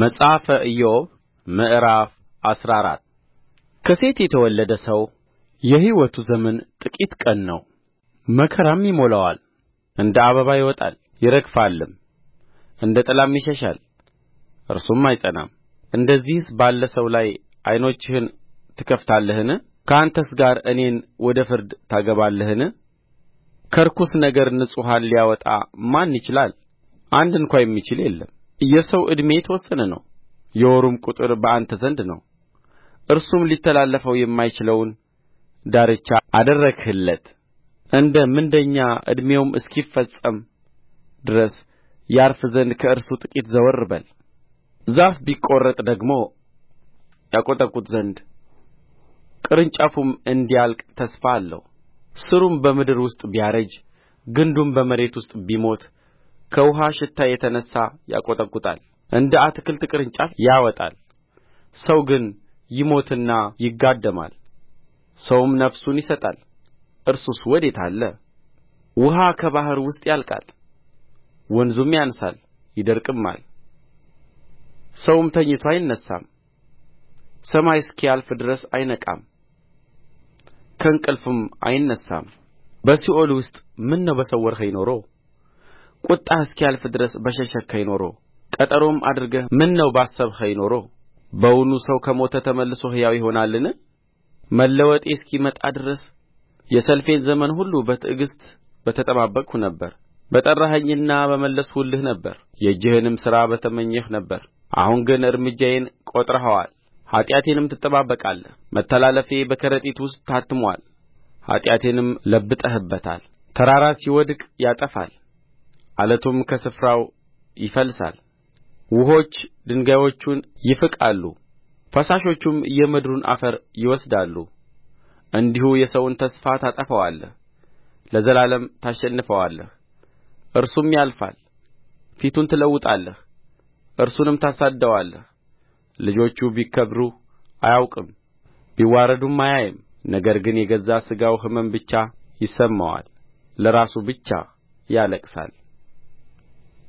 መጽሐፈ ኢዮብ ምዕራፍ አስራ አራት ከሴት የተወለደ ሰው የሕይወቱ ዘመን ጥቂት ቀን ነው፣ መከራም ይሞላዋል። እንደ አበባ ይወጣል ይረግፋልም፣ እንደ ጥላም ይሸሻል እርሱም አይጸናም። እንደዚህስ ባለ ሰው ላይ ዓይኖችህን ትከፍታለህን? ከአንተስ ጋር እኔን ወደ ፍርድ ታገባለህን? ከርኩስ ነገር ንጹሑን ሊያወጣ ማን ይችላል? አንድ እንኳ የሚችል የለም። የሰው ዕድሜ የተወሰነ ነው የወሩም ቍጥር በአንተ ዘንድ ነው እርሱም ሊተላለፈው የማይችለውን ዳርቻ አደረግህለት እንደ ምንደኛ ዕድሜውም እስኪፈጸም ድረስ ያርፍ ዘንድ ከእርሱ ጥቂት ዘወር በል ዛፍ ቢቈረጥ ደግሞ ያቈጠቍጥ ዘንድ ቅርንጫፉም እንዲያልቅ ተስፋ አለው ሥሩም በምድር ውስጥ ቢያረጅ ግንዱም በመሬት ውስጥ ቢሞት ከውኃ ሽታ የተነሣ ያቈጠቍጣል እንደ አትክልት ቅርንጫፍ ያወጣል ሰው ግን ይሞትና ይጋደማል ሰውም ነፍሱን ይሰጣል እርሱስ ወዴት አለ ውኃ ከባሕር ውስጥ ያልቃል ወንዙም ያንሳል ይደርቅማል ሰውም ተኝቶ አይነሣም ሰማይ እስኪያልፍ ድረስ አይነቃም ከእንቅልፍም አይነሣም በሲኦል ውስጥ ምነው በሰወርኸኝ ኖሮ ቍጣህ እስኪያልፍ ድረስ በሸሸግኸኝ ኖሮ ቀጠሮም አድርገህ ምነው ባሰብኸኝ ኖሮ በውኑ ሰው ከሞተ ተመልሶ ሕያው ይሆናልን መለወጤ እስኪመጣ ድረስ የሰልፌን ዘመን ሁሉ በትዕግሥት በተጠባበቅሁ ነበር በጠራኸኝና በመለስሁልህ ነበር የእጅህንም ሥራ በተመኘህ ነበር አሁን ግን እርምጃዬን ቈጥረኸዋል ኃጢአቴንም ትጠባበቃለህ መተላለፌ በከረጢት ውስጥ ታትሞአል ኃጢአቴንም ለብጠህበታል ተራራ ሲወድቅ ያጠፋል ዓለቱም ከስፍራው ይፈልሳል ውኆች ድንጋዮቹን ይፍቃሉ ፈሳሾቹም የምድሩን አፈር ይወስዳሉ እንዲሁ የሰውን ተስፋ ታጠፋዋለህ ለዘላለም ታሸንፈዋለህ እርሱም ያልፋል ፊቱን ትለውጣለህ እርሱንም ታሳድደዋለህ ልጆቹ ቢከብሩ አያውቅም ቢዋረዱም አያይም ነገር ግን የገዛ ሥጋው ሕመም ብቻ ይሰማዋል ለራሱ ብቻ ያለቅሳል